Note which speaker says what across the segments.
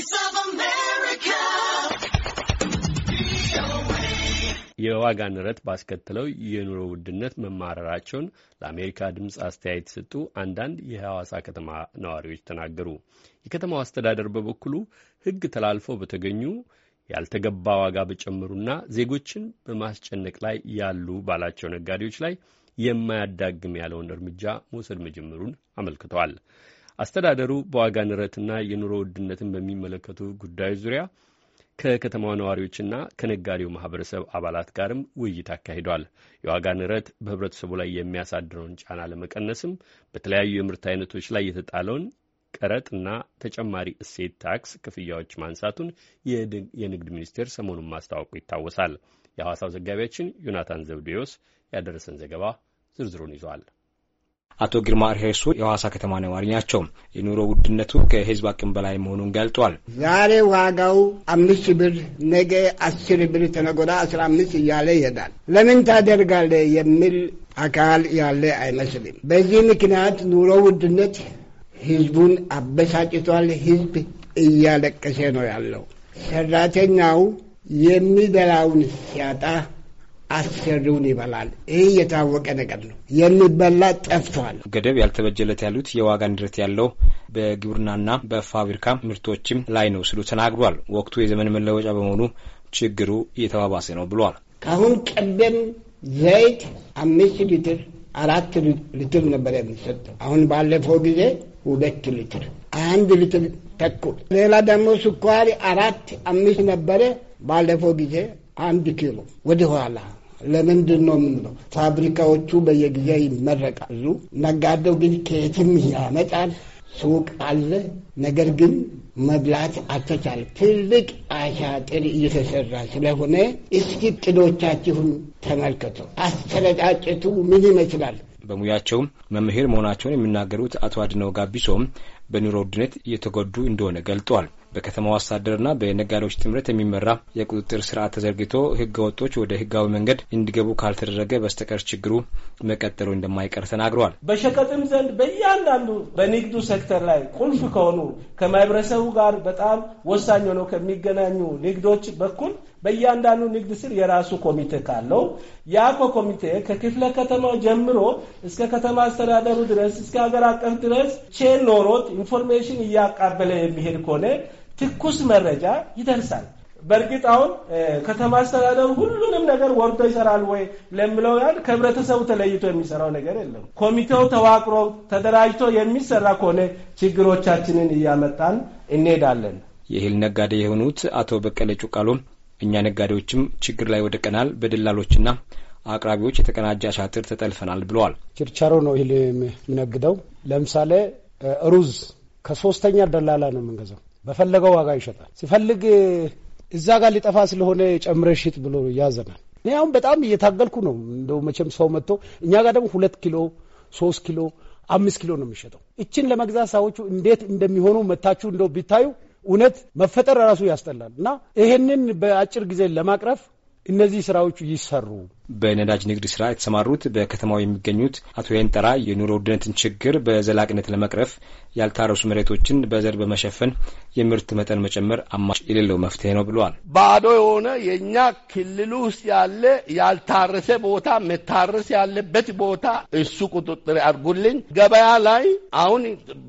Speaker 1: Voice of America.
Speaker 2: የዋጋ ንረት ባስከተለው የኑሮ ውድነት መማረራቸውን ለአሜሪካ ድምፅ አስተያየት የሰጡ አንዳንድ የሐዋሳ ከተማ ነዋሪዎች ተናገሩ። የከተማው አስተዳደር በበኩሉ ሕግ ተላልፈው በተገኙ ያልተገባ ዋጋ በጨመሩና ዜጎችን በማስጨነቅ ላይ ያሉ ባላቸው ነጋዴዎች ላይ የማያዳግም ያለውን እርምጃ መውሰድ መጀመሩን አመልክተዋል። አስተዳደሩ በዋጋ ንረትና የኑሮ ውድነትን በሚመለከቱ ጉዳዮች ዙሪያ ከከተማ ነዋሪዎችና ከነጋዴው ማህበረሰብ አባላት ጋርም ውይይት አካሂዷል። የዋጋ ንረት በህብረተሰቡ ላይ የሚያሳድረውን ጫና ለመቀነስም በተለያዩ የምርት አይነቶች ላይ የተጣለውን ቀረጥና ተጨማሪ እሴት ታክስ ክፍያዎች ማንሳቱን የንግድ ሚኒስቴር ሰሞኑን ማስታወቁ ይታወሳል። የሐዋሳው ዘጋቢያችን ዮናታን ዘብዴዎስ ያደረሰን ዘገባ ዝርዝሩን ይዟል።
Speaker 3: አቶ ግርማ እርሄሱ የሐዋሳ ከተማ ነዋሪ ናቸው። የኑሮ ውድነቱ ከህዝብ አቅም በላይ መሆኑን ገልጧል።
Speaker 1: ዛሬ ዋጋው አምስት ብር፣ ነገ አስር ብር፣ ተነጎዳ አስራ አምስት እያለ ይሄዳል። ለምን ታደርጋለ የሚል አካል ያለ አይመስልም። በዚህ ምክንያት ኑሮ ውድነት ህዝቡን አበሳጭቷል። ህዝብ እያለቀሰ ነው ያለው። ሰራተኛው የሚበላውን ሲያጣ አስሪውን ይበላል። ይህ የታወቀ ነገር ነው። የሚበላ ጠፍቷል።
Speaker 3: ገደብ ያልተበጀለት ያሉት የዋጋ ንድረት ያለው በግብርናና በፋብሪካ ምርቶችም ላይ ነው ስሉ ተናግሯል። ወቅቱ የዘመን መለወጫ በመሆኑ ችግሩ እየተባባሰ ነው ብሏል።
Speaker 1: ከአሁን ቀደም ዘይት አምስት ሊትር አራት ሊትር ነበር የሚሰጠው። አሁን ባለፈው ጊዜ ሁለት ሊትር አንድ ሊትር ተኩል። ሌላ ደግሞ ስኳሪ አራት አምስት ነበረ ባለፈው ጊዜ አንድ ኪሎ ወደ ኋላ ለምንድን ነው የምንለው? ፋብሪካዎቹ በየጊዜ ይመረቃሉ። ነጋዴው ግን ከየትም ያመጣል። ሱቅ አለ፣ ነገር ግን መብላት አልተቻለም። ትልቅ አሻጥር እየተሰራ ስለሆነ እስኪ ቅዶቻችሁን ተመልከቱ። አስተረጫጭቱ ምን ይመስላል?
Speaker 3: በሙያቸው መምህር መሆናቸውን የሚናገሩት አቶ አድነው ጋቢሶም በኑሮ ውድነት እየተጎዱ እንደሆነ ገልጠዋል። በከተማው አስተዳደርና በነጋዴዎች ጥምረት የሚመራ የቁጥጥር ስርዓት ተዘርግቶ ህገ ወጦች ወደ ህጋዊ መንገድ እንዲገቡ ካልተደረገ በስተቀር ችግሩ መቀጠሉ እንደማይቀር ተናግረዋል።
Speaker 1: በሸቀጥም ዘንድ በእያንዳንዱ በንግዱ ሴክተር ላይ ቁልፍ ከሆኑ ከማህበረሰቡ ጋር በጣም ወሳኝ ሆነው ከሚገናኙ ንግዶች በኩል በእያንዳንዱ ንግድ ስር የራሱ ኮሚቴ ካለው ያ ኮሚቴ ከክፍለ ከተማ ጀምሮ እስከ ከተማ አስተዳደሩ ድረስ እስከ ሀገር አቀፍ ድረስ ቼን ኖሮት ኢንፎርሜሽን እያቃበለ የሚሄድ ከሆነ ትኩስ መረጃ ይደርሳል። በእርግጥ አሁን ከተማ አስተዳደሩ ሁሉንም ነገር ወርዶ ይሰራል ወይ ለምለው ያህል ከህብረተሰቡ ተለይቶ የሚሰራው ነገር የለም። ኮሚቴው ተዋቅሮ ተደራጅቶ የሚሰራ ከሆነ ችግሮቻችንን እያመጣን እንሄዳለን።
Speaker 3: የእህል ነጋዴ የሆኑት አቶ በቀለ ጩቃሎ እኛ ነጋዴዎችም ችግር ላይ ወድቀናል፣ በደላሎችና አቅራቢዎች የተቀናጀ አሻጥር ተጠልፈናል ብለዋል።
Speaker 1: ችርቻሮ ነው ይህል የምነግደው። ለምሳሌ ሩዝ ከሶስተኛ ደላላ ነው የምንገዛው በፈለገው ዋጋ ይሸጣል። ሲፈልግ እዛ ጋር ሊጠፋ ስለሆነ ጨምረ ሽጥ ብሎ ያዘናል። እኔ አሁን በጣም እየታገልኩ ነው። እንደው መቼም ሰው መጥቶ እኛ ጋር ደግሞ ሁለት ኪሎ ሶስት ኪሎ አምስት ኪሎ ነው የሚሸጠው። እችን ለመግዛት ሰዎቹ እንዴት እንደሚሆኑ መታችሁ እንደው ቢታዩ እውነት መፈጠር ራሱ ያስጠላል። እና ይሄንን በአጭር ጊዜ ለማቅረፍ እነዚህ ስራዎቹ
Speaker 3: ይሰሩ። በነዳጅ ንግድ ስራ የተሰማሩት በከተማው የሚገኙት አቶ የንጠራ የኑሮ ውድነትን ችግር በዘላቂነት ለመቅረፍ ያልታረሱ መሬቶችን በዘር በመሸፈን የምርት መጠን መጨመር አማጭ የሌለው መፍትሄ ነው ብለዋል።
Speaker 1: ባዶ የሆነ የእኛ ክልል ውስጥ ያለ ያልታረሰ ቦታ መታረስ ያለበት ቦታ እሱ ቁጥጥር አድርጉልኝ። ገበያ ላይ አሁን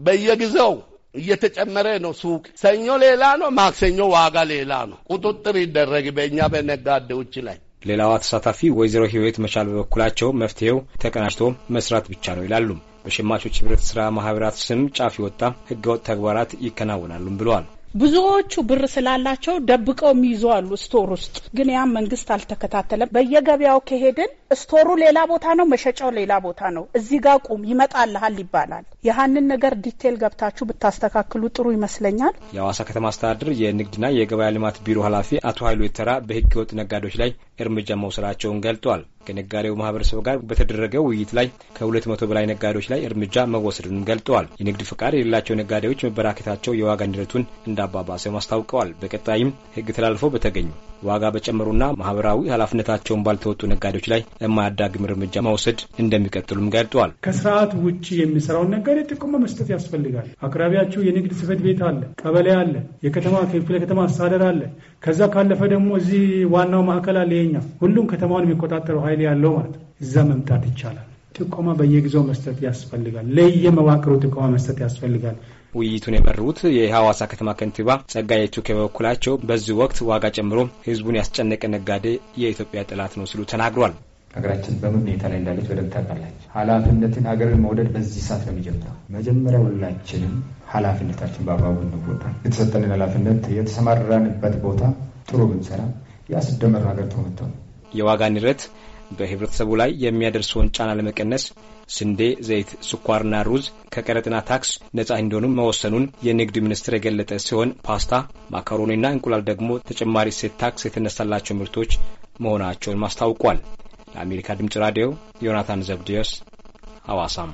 Speaker 1: በየጊዜው እየተጨመረ ነው። ሱቅ ሰኞ ሌላ ነው፣ ማክሰኞ ዋጋ ሌላ ነው። ቁጥጥር ይደረግ በእኛ በነጋዴዎች ላይ።
Speaker 3: ሌላዋ ተሳታፊ ወይዘሮ ህይወት መቻል በበኩላቸው መፍትሄው ተቀናጅቶ መስራት ብቻ ነው ይላሉ። በሸማቾች ህብረት ስራ ማህበራት ስም ጫፍ የወጣ ህገወጥ ተግባራት ይከናወናሉም ብለዋል።
Speaker 1: ብዙዎቹ ብር ስላላቸው ደብቀው የሚይዙ አሉ። ስቶር ውስጥ ግን ያም መንግስት አልተከታተለም። በየገበያው ከሄድን ስቶሩ ሌላ ቦታ ነው፣ መሸጫው ሌላ ቦታ ነው። እዚህ ጋር ቁም ይመጣልሃል ይባላል። ያህንን ነገር ዲቴል ገብታችሁ ብታስተካክሉ ጥሩ ይመስለኛል።
Speaker 3: የአዋሳ ከተማ አስተዳደር የንግድና የገበያ ልማት ቢሮ ኃላፊ አቶ ሀይሉ የተራ በህገ ወጥ ነጋዴዎች ላይ እርምጃ መውሰዳቸውን ገልጧል። ከነጋዴው ማህበረሰብ ጋር በተደረገው ውይይት ላይ ከሁለት መቶ በላይ ነጋዴዎች ላይ እርምጃ መወሰዱን ገልጠዋል። የንግድ ፍቃድ የሌላቸው ነጋዴዎች መበራከታቸው የዋጋ ንረቱን እንዳባባሰም አስታውቀዋል። በቀጣይም ህግ ተላልፎ በተገኙ ዋጋ በጨመሩና ማህበራዊ ኃላፊነታቸውን ባልተወጡ ነጋዴዎች ላይ የማያዳግም እርምጃ መውሰድ እንደሚቀጥሉም ገልጠዋል። ከስርዓት
Speaker 1: ውጭ የሚሰራውን ነጋዴ ጥቆማ መስጠት ያስፈልጋል። አቅራቢያቸው የንግድ ጽሕፈት ቤት አለ፣ ቀበሌ አለ፣ የከተማ ክፍለ ከተማ አስተዳደር አለ። ከዛ ካለፈ ደግሞ እዚህ ዋናው ማዕከል አለ። የኛ ሁሉም ከተማውን የሚቆጣጠረው ኃይል ያለው ማለት ነው። እዛ መምጣት ይቻላል። ጥቆማ በየጊዜው መስጠት
Speaker 3: ያስፈልጋል። ለየመዋቅሩ ጥቆማ መስጠት ያስፈልጋል። ውይይቱን የመሩት የሐዋሳ ከተማ ከንቲባ ጸጋዬ ቱኬ በበኩላቸው በዚህ ወቅት ዋጋ ጨምሮ ህዝቡን ያስጨነቀ ነጋዴ የኢትዮጵያ ጠላት ነው ሲሉ ተናግሯል። ሀገራችን በምን ሁኔታ ላይ እንዳለች በደንብ ታውቃላች። ኃላፊነትን ሀገርን መውደድ በዚህ ሰዓት ነው የሚጀምረው። መጀመሪያ ሁላችንም ኃላፊነታችን በአግባቡ እንወጣ። የተሰጠንን ኃላፊነት የተሰማራንበት ቦታ ጥሩ ብንሰራ ያስደመር ሀገር ትሆምተው የዋጋ ንረት በህብረተሰቡ ላይ የሚያደርሰውን ጫና ለመቀነስ ስንዴ፣ ዘይት፣ ስኳርና ሩዝ ከቀረጥና ታክስ ነጻ እንዲሆኑ መወሰኑን የንግድ ሚኒስቴር የገለጠ ሲሆን ፓስታ፣ ማካሮኒና እንቁላል ደግሞ ተጨማሪ ሴት ታክስ የተነሳላቸው ምርቶች መሆናቸውን ማስታውቋል። ለአሜሪካ ድምጽ ራዲዮ ዮናታን ዘብዲዮስ አዋሳም።